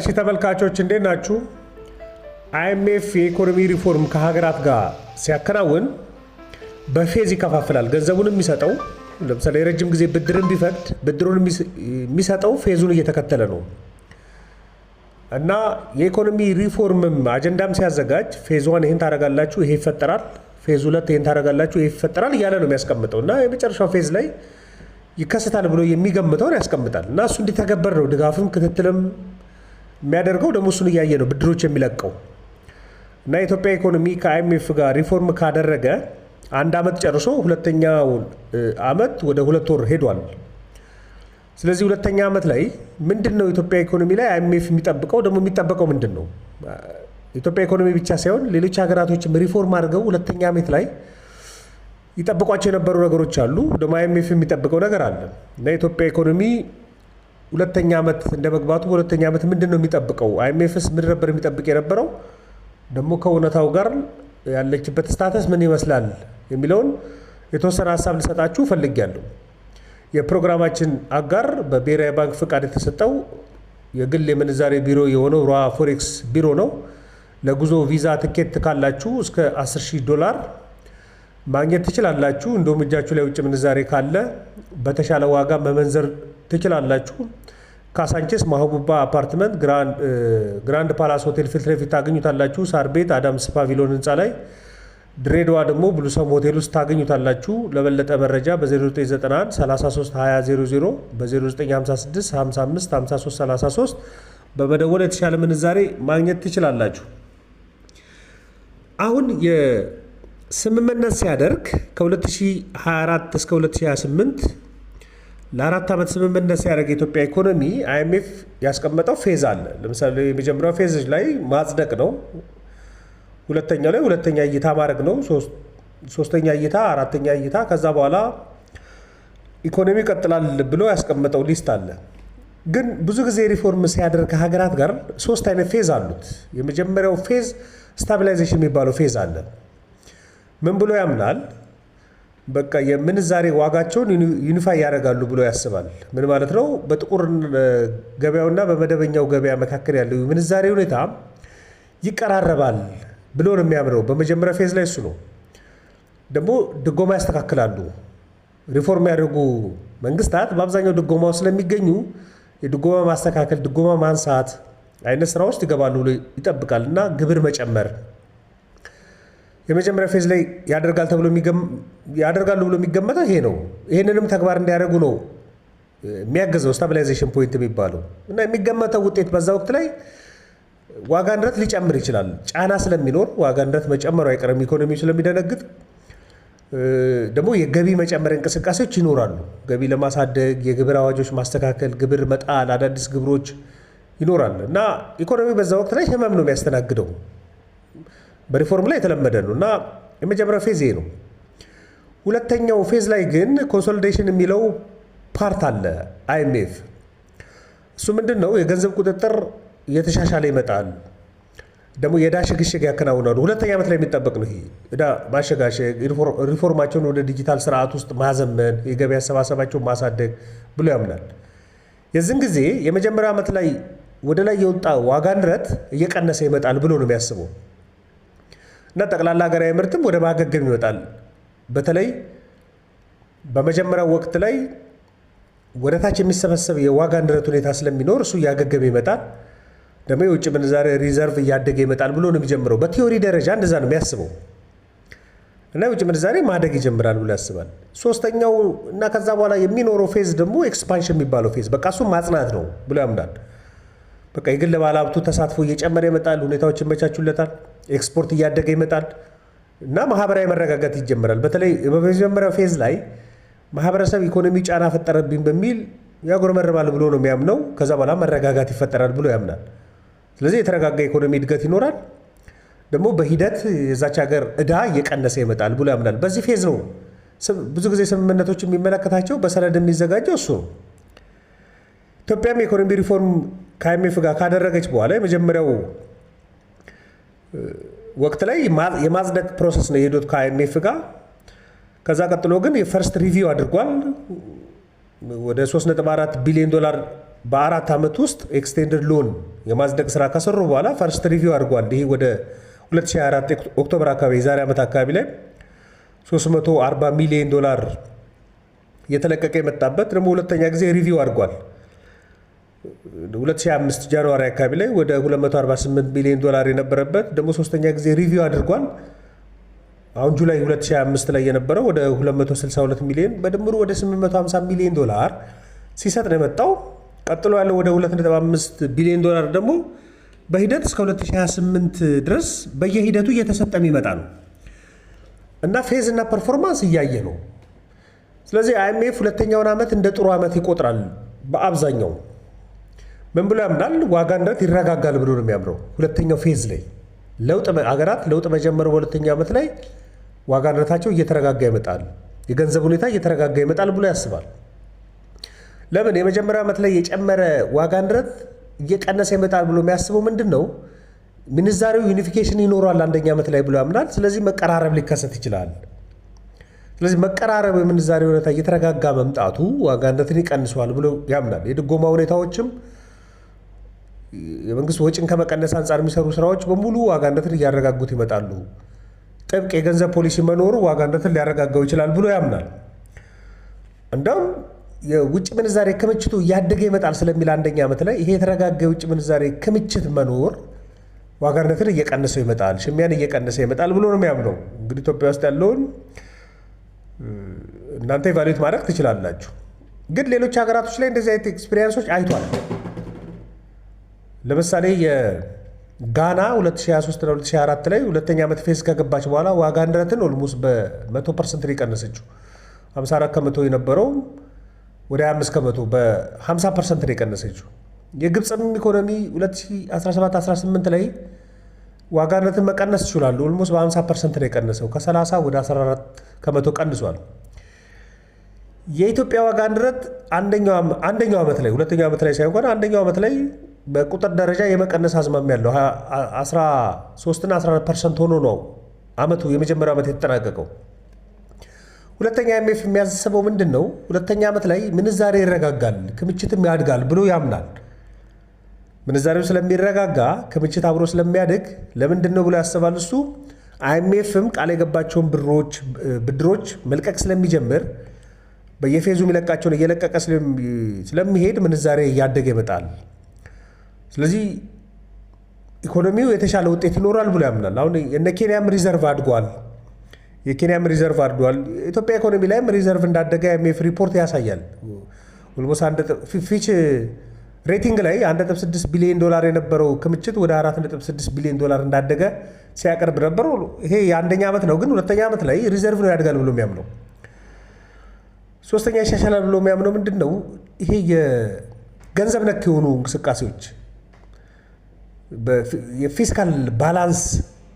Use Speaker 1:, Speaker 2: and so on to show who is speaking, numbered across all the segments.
Speaker 1: እሺ ተመልካቾች እንዴት ናችሁ? አይኤምኤፍ የኢኮኖሚ ሪፎርም ከሀገራት ጋር ሲያከናውን በፌዝ ይከፋፍላል። ገንዘቡን የሚሰጠው ለምሳሌ የረጅም ጊዜ ብድርን ቢፈቅድ ብድሩን የሚሰጠው ፌዙን እየተከተለ ነው እና የኢኮኖሚ ሪፎርምም አጀንዳም ሲያዘጋጅ ፌዝ ዋን ይህን ታደርጋላችሁ፣ ይሄ ይፈጠራል፣ ፌዝ ሁለት ይህን ታደርጋላችሁ፣ ይሄ ይፈጠራል እያለ ነው የሚያስቀምጠው እና የመጨረሻው ፌዝ ላይ ይከሰታል ብሎ የሚገምተውን ያስቀምጣል እና እሱ እንዲተገበር ነው ድጋፍም ክትትልም የሚያደርገው ደግሞ እሱን እያየ ነው ብድሮች የሚለቀው እና የኢትዮጵያ ኢኮኖሚ ከአይኤምኤፍ ጋር ሪፎርም ካደረገ አንድ አመት ጨርሶ ሁለተኛው አመት ወደ ሁለት ወር ሄዷል። ስለዚህ ሁለተኛ አመት ላይ ምንድን ነው ኢትዮጵያ ኢኮኖሚ ላይ አይኤምኤፍ የሚጠብቀው ደግሞ የሚጠበቀው ምንድን ነው? ኢትዮጵያ ኢኮኖሚ ብቻ ሳይሆን ሌሎች ሀገራቶችም ሪፎርም አድርገው ሁለተኛ አመት ላይ ይጠብቋቸው የነበሩ ነገሮች አሉ። ደግሞ አይኤምኤፍ የሚጠብቀው ነገር አለ እና ኢትዮጵያ ኢኮኖሚ ሁለተኛ ዓመት እንደ መግባቱ በሁለተኛ ዓመት ምንድን ነው የሚጠብቀው? አይኤምኤፍስ ምን ነበር የሚጠብቅ የነበረው? ደግሞ ከእውነታው ጋር ያለችበት ስታተስ ምን ይመስላል የሚለውን የተወሰነ ሀሳብ ልሰጣችሁ ፈልጊያለሁ። የፕሮግራማችን አጋር በብሔራዊ ባንክ ፍቃድ የተሰጠው የግል የምንዛሬ ቢሮ የሆነው ሮሃ ፎሬክስ ቢሮ ነው። ለጉዞ ቪዛ ትኬት ካላችሁ እስከ 10000 ዶላር ማግኘት ትችላላችሁ። እንደውም እጃችሁ ላይ ውጭ ምንዛሬ ካለ በተሻለ ዋጋ መመንዘር ትችላላችሁ። ካሳንቼስ ማህቡባ አፓርትመንት ግራንድ ፓላስ ሆቴል ፊት ለፊት ታገኙታላችሁ። ሳር ቤት አዳምስ ፓቪሎን ህንፃ ላይ፣ ድሬዳዋ ደግሞ ብሉሰም ሆቴል ውስጥ ታገኙታላችሁ። ለበለጠ መረጃ በ0991 33200 በ0956 55 በመደወል የተሻለ ምንዛሬ ማግኘት ትችላላችሁ። አሁን የስምምነት ሲያደርግ ከ2024 እስከ 2028 ለአራት ዓመት ስምምነት ሲያደርግ የኢትዮጵያ ኢኮኖሚ አይኤምኤፍ ያስቀመጠው ፌዝ አለ። ለምሳሌ የመጀመሪያው ፌዝ ላይ ማጽደቅ ነው። ሁለተኛው ላይ ሁለተኛ እይታ ማድረግ ነው። ሶስተኛ እይታ፣ አራተኛ እይታ። ከዛ በኋላ ኢኮኖሚ ይቀጥላል ብሎ ያስቀመጠው ሊስት አለ። ግን ብዙ ጊዜ ሪፎርም ሲያደርግ ከሀገራት ጋር ሶስት አይነት ፌዝ አሉት። የመጀመሪያው ፌዝ ስታቢላይዜሽን የሚባለው ፌዝ አለ። ምን ብሎ ያምናል? በቃ የምንዛሬ ዋጋቸውን ዩኒፋይ ያደርጋሉ ብሎ ያስባል። ምን ማለት ነው? በጥቁር ገበያውና በመደበኛው ገበያ መካከል ያለው የምንዛሬ ሁኔታ ይቀራረባል ብሎ ነው የሚያምረው። በመጀመሪያ ፌዝ ላይ እሱ ነው። ደግሞ ድጎማ ያስተካክላሉ። ሪፎርም ያደርጉ መንግስታት በአብዛኛው ድጎማው ስለሚገኙ የድጎማ ማስተካከል፣ ድጎማ ማንሳት አይነት ስራዎች ይገባሉ ብሎ ይጠብቃል እና ግብር መጨመር የመጀመሪያ ፌዝ ላይ ያደርጋል ተብሎ ያደርጋሉ ብሎ የሚገመተው ይሄ ነው። ይህንንም ተግባር እንዲያደርጉ ነው የሚያገዘው ስታቢላይዜሽን ፖይንት የሚባለው እና የሚገመተው ውጤት በዛ ወቅት ላይ ዋጋ ንረት ሊጨምር ይችላል። ጫና ስለሚኖር ዋጋ ንረት መጨመሩ አይቀርም። ኢኮኖሚው ስለሚደነግጥ ደግሞ የገቢ መጨመር እንቅስቃሴዎች ይኖራሉ። ገቢ ለማሳደግ የግብር አዋጆች ማስተካከል፣ ግብር መጣል፣ አዳዲስ ግብሮች ይኖራል እና ኢኮኖሚ በዛ ወቅት ላይ ህመም ነው የሚያስተናግደው። በሪፎርም ላይ የተለመደ ነው እና የመጀመሪያው ፌዝ ይሄ ነው። ሁለተኛው ፌዝ ላይ ግን ኮንሶሊዴሽን የሚለው ፓርት አለ። አይኤምኤፍ እሱ ምንድን ነው? የገንዘብ ቁጥጥር እየተሻሻለ ይመጣል። ደግሞ የዕዳ ሽግሽግ ያከናውናሉ። ሁለተኛ ዓመት ላይ የሚጠበቅ ነው። ይሄ ዕዳ ማሸጋሸግ፣ ሪፎርማቸውን ወደ ዲጂታል ስርዓት ውስጥ ማዘመን፣ የገበያ አሰባሰባቸውን ማሳደግ ብሎ ያምናል። የዚህን ጊዜ የመጀመሪያው ዓመት ላይ ወደ ላይ የወጣ ዋጋ ንረት እየቀነሰ ይመጣል ብሎ ነው የሚያስበው። እና ጠቅላላ ሀገራዊ ምርትም ወደ ማገገም ይወጣል። በተለይ በመጀመሪያው ወቅት ላይ ወደታች የሚሰበሰብ የዋጋ ንረት ሁኔታ ስለሚኖር እሱ እያገገመ ይመጣል። ደግሞ የውጭ ምንዛሬ ሪዘርቭ እያደገ ይመጣል ብሎ ነው የሚጀምረው። በቲዮሪ ደረጃ እንደዛ ነው የሚያስበው እና የውጭ ምንዛሬ ማደግ ይጀምራል ብሎ ያስባል። ሶስተኛው እና ከዛ በኋላ የሚኖረው ፌዝ ደግሞ ኤክስፓንሽን የሚባለው ፌዝ በቃ እሱ ማጽናት ነው ብሎ ያምናል። በቃ የግል ባለሀብቱ ተሳትፎ እየጨመረ ይመጣል። ሁኔታዎች ይመቻቹለታል። ኤክስፖርት እያደገ ይመጣል እና ማህበራዊ መረጋጋት ይጀምራል። በተለይ በመጀመሪያው ፌዝ ላይ ማህበረሰብ ኢኮኖሚ ጫና ፈጠረብኝ በሚል ያጎረመርባል ብሎ ነው የሚያምነው። ከዛ በኋላ መረጋጋት ይፈጠራል ብሎ ያምናል። ስለዚህ የተረጋጋ ኢኮኖሚ እድገት ይኖራል። ደግሞ በሂደት የዛች ሀገር እዳ እየቀነሰ ይመጣል ብሎ ያምናል። በዚህ ፌዝ ነው ብዙ ጊዜ ስምምነቶች የሚመለከታቸው በሰነድ የሚዘጋጀው እሱ ነው። ኢትዮጵያም የኢኮኖሚ ሪፎርም ከአይኤምኤፍ ጋር ካደረገች በኋላ የመጀመሪያው ወቅት ላይ የማጽደቅ ፕሮሰስ ነው የሄዱት ከአይኤምኤፍ ጋር። ከዛ ቀጥሎ ግን የፈርስት ሪቪው አድርጓል። ወደ 3.4 ቢሊዮን ዶላር በአራት ዓመት ውስጥ ኤክስቴንድድ ሎን የማጽደቅ ስራ ከሰሩ በኋላ ፈርስት ሪቪው አድርጓል። ይህ ወደ 2024 ኦክቶበር አካባቢ የዛሬ ዓመት አካባቢ ላይ 340 ሚሊዮን ዶላር የተለቀቀ የመጣበት ደግሞ ሁለተኛ ጊዜ ሪቪው አድርጓል። 2025 ጃንዋሪ አካባቢ ላይ ወደ 248 ቢሊዮን ዶላር የነበረበት ደግሞ ሶስተኛ ጊዜ ሪቪው አድርጓል። አሁን ጁላይ 2025 ላይ የነበረው ወደ 262 ሚሊዮን በድምሩ ወደ 850 ሚሊዮን ዶላር ሲሰጥ ነው የመጣው። ቀጥሎ ያለው ወደ 2.5 ቢሊዮን ዶላር ደግሞ በሂደት እስከ 2028 ድረስ በየሂደቱ እየተሰጠ የሚመጣ ነው እና ፌዝ እና ፐርፎርማንስ እያየ ነው። ስለዚህ አይኤምኤፍ ሁለተኛውን ዓመት እንደ ጥሩ ዓመት ይቆጥራል በአብዛኛው ምን ብሎ ያምናል? ዋጋ ንረት ይረጋጋል ብሎ ነው የሚያምረው ሁለተኛው ፌዝ ላይ ለውጥ አገራት ለውጥ መጀመሩ በሁለተኛው ዓመት ላይ ዋጋ ንረታቸው እየተረጋጋ ይመጣል፣ የገንዘብ ሁኔታ እየተረጋጋ ይመጣል ብሎ ያስባል። ለምን የመጀመሪያ ዓመት ላይ የጨመረ ዋጋ ንረት እየቀነሰ ይመጣል ብሎ የሚያስበው ምንድን ነው? ምንዛሬው ዩኒፊኬሽን ይኖረዋል አንደኛ ዓመት ላይ ብሎ ያምናል። ስለዚህ መቀራረብ ሊከሰት ይችላል። ስለዚህ መቀራረብ የምንዛሬ ሁኔታ እየተረጋጋ መምጣቱ ዋጋ ንረትን ይቀንሷል ብሎ ያምናል። የድጎማ ሁኔታዎችም የመንግስት ወጪን ከመቀነስ አንጻር የሚሰሩ ስራዎች በሙሉ ዋጋ ንረትን እያረጋጉት ይመጣሉ። ጥብቅ የገንዘብ ፖሊሲ መኖሩ ዋጋ ንረትን ሊያረጋጋው ይችላል ብሎ ያምናል። እንደውም የውጭ ምንዛሬ ክምችቱ እያደገ ይመጣል ስለሚል አንደኛ ዓመት ላይ ይሄ የተረጋጋ የውጭ ምንዛሬ ክምችት መኖር ዋጋ ንረትን እየቀነሰው ይመጣል፣ ሽሚያን እየቀነሰ ይመጣል ብሎ ነው የሚያምነው። እንግዲህ ኢትዮጵያ ውስጥ ያለውን እናንተ ኢቫሉዌት ማድረግ ትችላላችሁ። ግን ሌሎች ሀገራቶች ላይ እንደዚህ አይነት ኤክስፔሪንሶች አይቷል። ለምሳሌ የጋና 2023 2024 ላይ ሁለተኛ ዓመት ፌስ ከገባች በኋላ ዋጋ ንረትን ኦልሞስ በ100 ፐርሰንት የቀነሰችው 54 ከመቶ የነበረው ወደ 25 ከመቶ በ50 ፐርሰንት ነው የቀነሰችው። የግብፅም ኢኮኖሚ 2017/18 ላይ ዋጋ ንረትን መቀነስ ይችላሉ። ኦልሞስ በ50 ፐርሰንት ነው የቀነሰው፣ ከ30 ወደ 14 ከመቶ ቀንሷል። የኢትዮጵያ ዋጋ ንረት አንደኛው ዓመት ላይ ሁለተኛው ዓመት ላይ ሳይሆን አንደኛው ዓመት ላይ በቁጥር ደረጃ የመቀነስ አዝማሚያ ያለው 13ና 14 ፐርሰንት ሆኖ ነው አመቱ የመጀመሪያው ዓመት የተጠናቀቀው። ሁለተኛ ኤምኤፍ የሚያስበው ምንድን ነው? ሁለተኛ ዓመት ላይ ምንዛሬ ይረጋጋል፣ ክምችትም ያድጋል ብሎ ያምናል። ምንዛሬው ስለሚረጋጋ ክምችት አብሮ ስለሚያድግ ለምንድን ነው ብሎ ያስባል እሱ። አይኤምኤፍም ቃል የገባቸውን ብድሮች መልቀቅ ስለሚጀምር በየፌዙ የሚለቃቸውን እየለቀቀ ስለሚሄድ ምንዛሬ እያደገ ይመጣል። ስለዚህ ኢኮኖሚው የተሻለ ውጤት ይኖራል ብሎ ያምናል። አሁን እነ ኬንያም ሪዘርቭ አድጓል፣ የኬንያም ሪዘርቭ አድጓል። ኢትዮጵያ ኢኮኖሚ ላይም ሪዘርቭ እንዳደገ የሜፍ ሪፖርት ያሳያል። ፊች ሬቲንግ ላይ 1.6 ቢሊዮን ዶላር የነበረው ክምችት ወደ 4.6 ቢሊዮን ዶላር እንዳደገ ሲያቀርብ ነበሩ። ይሄ የአንደኛ ዓመት ነው፣ ግን ሁለተኛ ዓመት ላይ ሪዘርቭ ነው ያድጋል ብሎ የሚያምነው። ሶስተኛ ይሻሻላል ብሎ የሚያምነው ምንድን ነው? ይሄ የገንዘብ ነክ የሆኑ እንቅስቃሴዎች የፊስካል ባላንስ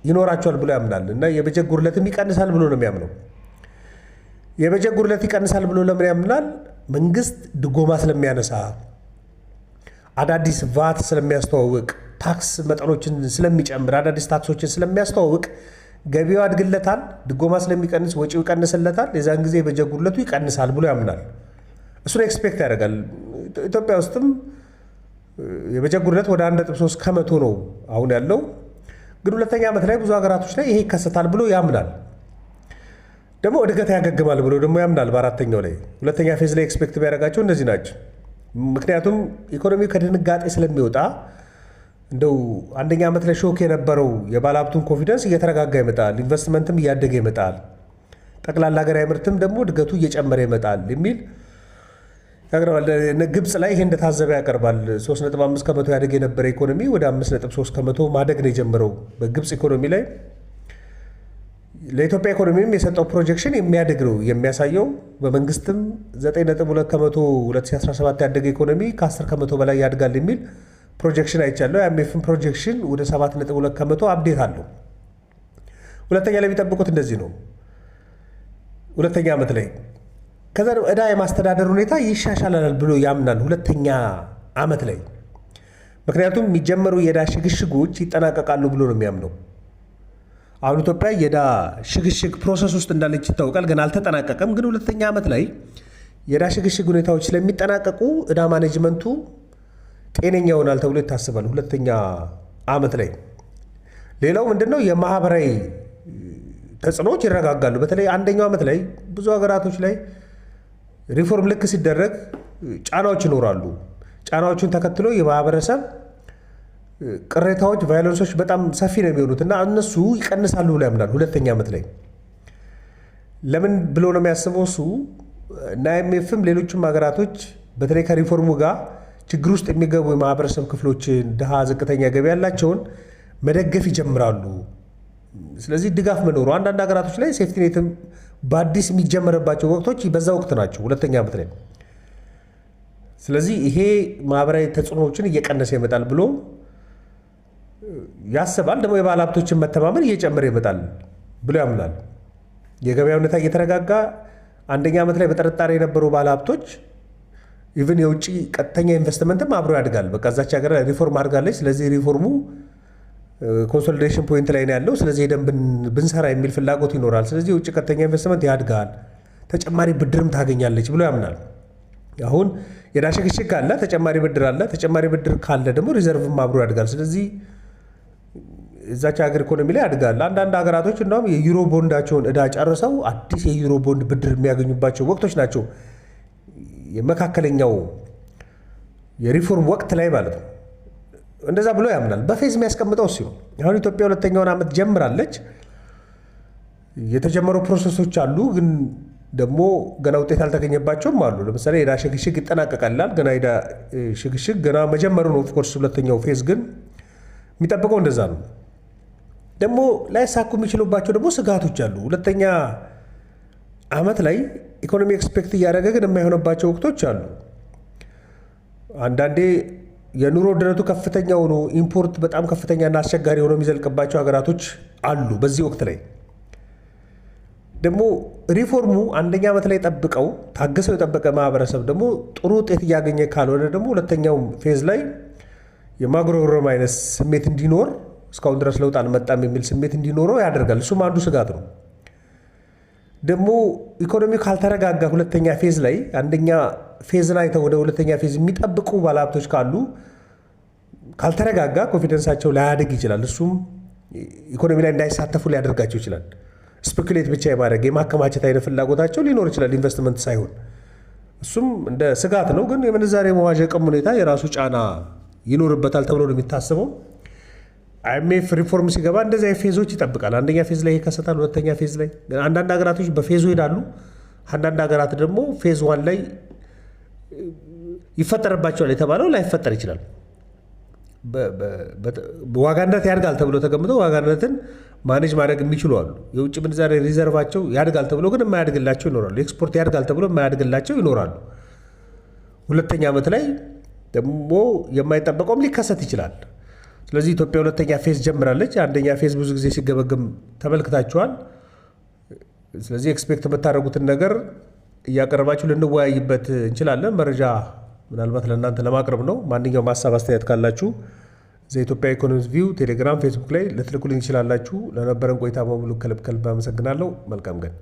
Speaker 1: ይኖራቸዋል ብሎ ያምናል እና የበጀት ጉድለትም ይቀንሳል ብሎ ነው የሚያምነው። የበጀት ጉድለት ይቀንሳል ብሎ ለምን ያምናል? መንግስት ድጎማ ስለሚያነሳ፣ አዳዲስ ቫት ስለሚያስተዋውቅ፣ ታክስ መጠኖችን ስለሚጨምር፣ አዳዲስ ታክሶችን ስለሚያስተዋውቅ ገቢው አድግለታል፣ ድጎማ ስለሚቀንስ ወጪው ይቀንስለታል። የዛን ጊዜ የበጀት ጉድለቱ ይቀንሳል ብሎ ያምናል። እሱን ኤክስፔክት ያደርጋል። ኢትዮጵያ ውስጥም የበጀት ጉድለት ወደ 1.3 ከመቶ ነው አሁን ያለው። ግን ሁለተኛ ዓመት ላይ ብዙ ሀገራቶች ላይ ይሄ ይከሰታል ብሎ ያምናል። ደግሞ እድገት ያገግማል ብሎ ደግሞ ያምናል። በአራተኛው ላይ ሁለተኛ ፌዝ ላይ ኤክስፔክት ቢያደርጋቸው እነዚህ ናቸው። ምክንያቱም ኢኮኖሚው ከድንጋጤ ስለሚወጣ እንደው አንደኛ ዓመት ላይ ሾክ የነበረው የባለሀብቱን ኮንፊደንስ እየተረጋጋ ይመጣል፣ ኢንቨስትመንትም እያደገ ይመጣል፣ ጠቅላላ ሀገራዊ ምርትም ደግሞ እድገቱ እየጨመረ ይመጣል የሚል ተናግረዋል። ግብፅ ላይ ይሄ እንደታዘበ ያቀርባል። 3.5 ከመቶ ያደግ የነበረ ኢኮኖሚ ወደ 5.3 ከመቶ ማደግ ነው የጀመረው። በግብፅ ኢኮኖሚ ላይ ለኢትዮጵያ ኢኮኖሚም የሰጠው ፕሮጀክሽን የሚያደግ ነው የሚያሳየው። በመንግስትም 9.2 ከመቶ 2017 ያደገ ኢኮኖሚ ከ10 ከመቶ በላይ ያድጋል የሚል ፕሮጀክሽን አይቻለሁ። የአሜፍን ፕሮጀክሽን ወደ 7.2 ከመቶ አብዴት አለው። ሁለተኛ ላይ የሚጠብቁት እንደዚህ ነው። ሁለተኛ ዓመት ላይ ከዛ ደግሞ ዕዳ የማስተዳደር ሁኔታ ይሻሻላል ብሎ ያምናል ሁለተኛ ዓመት ላይ ምክንያቱም የሚጀመሩ የዕዳ ሽግሽጎች ይጠናቀቃሉ ብሎ ነው የሚያምነው። አሁን ኢትዮጵያ የዕዳ ሽግሽግ ፕሮሰስ ውስጥ እንዳለች ይታወቃል። ግን አልተጠናቀቀም። ግን ሁለተኛ ዓመት ላይ የዕዳ ሽግሽግ ሁኔታዎች ስለሚጠናቀቁ ዕዳ ማኔጅመንቱ ጤነኛ ይሆናል ተብሎ ይታስባል ሁለተኛ ዓመት ላይ። ሌላው ነው? የማህበራዊ ተጽዕኖዎች ይረጋጋሉ። በተለይ አንደኛው ዓመት ላይ ብዙ ሀገራቶች ላይ ሪፎርም ልክ ሲደረግ ጫናዎች ይኖራሉ። ጫናዎቹን ተከትሎ የማህበረሰብ ቅሬታዎች፣ ቫይለንሶች በጣም ሰፊ ነው የሚሆኑት እና እነሱ ይቀንሳሉ ብሎ ያምናል። ሁለተኛ ዓመት ላይ ለምን ብሎ ነው የሚያስበው እሱ እና ኤምኤፍም ሌሎችም ሀገራቶች በተለይ ከሪፎርሙ ጋር ችግር ውስጥ የሚገቡ የማህበረሰብ ክፍሎችን ድሃ፣ ዝቅተኛ ገቢ ያላቸውን መደገፍ ይጀምራሉ። ስለዚህ ድጋፍ መኖሩ አንዳንድ ሀገራቶች ላይ ሴፍቲኔትም በአዲስ የሚጀመርባቸው ወቅቶች በዛ ወቅት ናቸው፣ ሁለተኛ ዓመት ላይ። ስለዚህ ይሄ ማህበራዊ ተጽዕኖዎችን እየቀነሰ ይመጣል ብሎ ያስባል። ደግሞ የባለ ሀብቶችን መተማመን እየጨመረ ይመጣል ብሎ ያምናል። የገበያ ሁኔታ እየተረጋጋ አንደኛ ዓመት ላይ በጥርጣሬ የነበሩ ባለ ሀብቶች ኢቨን የውጭ ቀጥተኛ ኢንቨስትመንትም አብሮ ያድጋል። በቃ እዛች ሀገር ሪፎርም አድርጋለች። ስለዚህ ሪፎርሙ ኮንሶሊዴሽን ፖይንት ላይ ነው ያለው። ስለዚህ ሄደን ብንሰራ የሚል ፍላጎት ይኖራል። ስለዚህ የውጭ ቀጥተኛ ኢንቨስትመንት ያድጋል፣ ተጨማሪ ብድርም ታገኛለች ብሎ ያምናል። አሁን የዕዳ ሽግሽግ አለ፣ ተጨማሪ ብድር አለ። ተጨማሪ ብድር ካለ ደግሞ ሪዘርቭም አብሮ ያድጋል። ስለዚህ እዛች ሀገር ኢኮኖሚ ላይ ያድጋል። አንዳንድ ሀገራቶች እንደውም የዩሮ ቦንዳቸውን እዳ ጨርሰው አዲስ የዩሮ ቦንድ ብድር የሚያገኙባቸው ወቅቶች ናቸው። የመካከለኛው የሪፎርም ወቅት ላይ ማለት ነው። እንደዛ ብሎ ያምናል። በፌዝ የሚያስቀምጠው ሲሆን አሁን ኢትዮጵያ ሁለተኛውን ዓመት ጀምራለች። የተጀመሩ ፕሮሰሶች አሉ፣ ግን ደግሞ ገና ውጤት አልተገኘባቸውም አሉ። ለምሳሌ የዕዳ ሽግሽግ ይጠናቀቃላል። ገና የዕዳ ሽግሽግ ገና መጀመሩ ነው። ኦፍኮርስ ሁለተኛው ፌዝ ግን የሚጠብቀው እንደዛ ነው። ደግሞ ላይሳኩ የሚችሉባቸው ደግሞ ስጋቶች አሉ። ሁለተኛ ዓመት ላይ ኢኮኖሚ ኤክስፔክት እያደረገ ግን የማይሆነባቸው ወቅቶች አሉ። አንዳንዴ የኑሮ ውድነቱ ከፍተኛ ሆኖ ኢምፖርት በጣም ከፍተኛና አስቸጋሪ ሆኖ የሚዘልቅባቸው ሀገራቶች አሉ። በዚህ ወቅት ላይ ደግሞ ሪፎርሙ አንደኛ ዓመት ላይ ጠብቀው ታግሰው የጠበቀ ማህበረሰብ ደግሞ ጥሩ ውጤት እያገኘ ካልሆነ ደግሞ ሁለተኛው ፌዝ ላይ የማጉረምረም አይነት ስሜት እንዲኖር እስካሁን ድረስ ለውጥ አልመጣም የሚል ስሜት እንዲኖረው ያደርጋል። እሱም አንዱ ስጋት ነው። ደግሞ ኢኮኖሚው ካልተረጋጋ ሁለተኛ ፌዝ ላይ አንደኛ ፌዝን አይተው ወደ ሁለተኛ ፌዝ የሚጠብቁ ባለሀብቶች ካሉ ካልተረጋጋ ኮንፊደንሳቸው ላያድግ ይችላል። እሱም ኢኮኖሚ ላይ እንዳይሳተፉ ሊያደርጋቸው ይችላል። ስፔኩሌት ብቻ የማድረግ የማከማቸት አይነት ፍላጎታቸው ሊኖር ይችላል፣ ኢንቨስትመንት ሳይሆን። እሱም እንደ ስጋት ነው። ግን የምንዛሬ መዋዠቅም ሁኔታ የራሱ ጫና ይኖርበታል ተብሎ ነው የሚታሰበው። አይኤምኤፍ ሪፎርም ሲገባ እንደዚ ፌዞች ይጠብቃል። አንደኛ ፌዝ ላይ ይከሰታል፣ ሁለተኛ ፌዝ ላይ። አንዳንድ ሀገራቶች በፌዙ ይሄዳሉ። አንዳንድ ሀገራት ደግሞ ፌዝ ዋን ላይ ይፈጠርባቸዋል የተባለው ላይፈጠር ይችላል። ዋጋነት ያድጋል ተብሎ ተገምተው ዋጋነትን ማኔጅ ማድረግ የሚችሉ አሉ። የውጭ ምንዛሬ ሪዘርቫቸው ያድጋል ተብሎ ግን የማያድግላቸው ይኖራሉ። ኤክስፖርት ያድጋል ተብሎ የማያድግላቸው ይኖራሉ። ሁለተኛ ዓመት ላይ ደግሞ የማይጠበቀውም ሊከሰት ይችላል። ስለዚህ ኢትዮጵያ ሁለተኛ ፌዝ ጀምራለች። አንደኛ ፌዝ ብዙ ጊዜ ሲገመገም ተመልክታችኋል። ስለዚህ ኤክስፔክት የምታደርጉትን ነገር እያቀረባችሁ ልንወያይበት እንችላለን። መረጃ ምናልባት ለእናንተ ለማቅረብ ነው። ማንኛውም ሀሳብ አስተያየት ካላችሁ ዘኢትዮጵያ ኢኮኖሚስት ቪው ቴሌግራም፣ ፌስቡክ ላይ ልትልኩልኝ ይችላላችሁ። ለነበረን ቆይታ በሙሉ ከልብ ከልብ አመሰግናለሁ። መልካም ቀን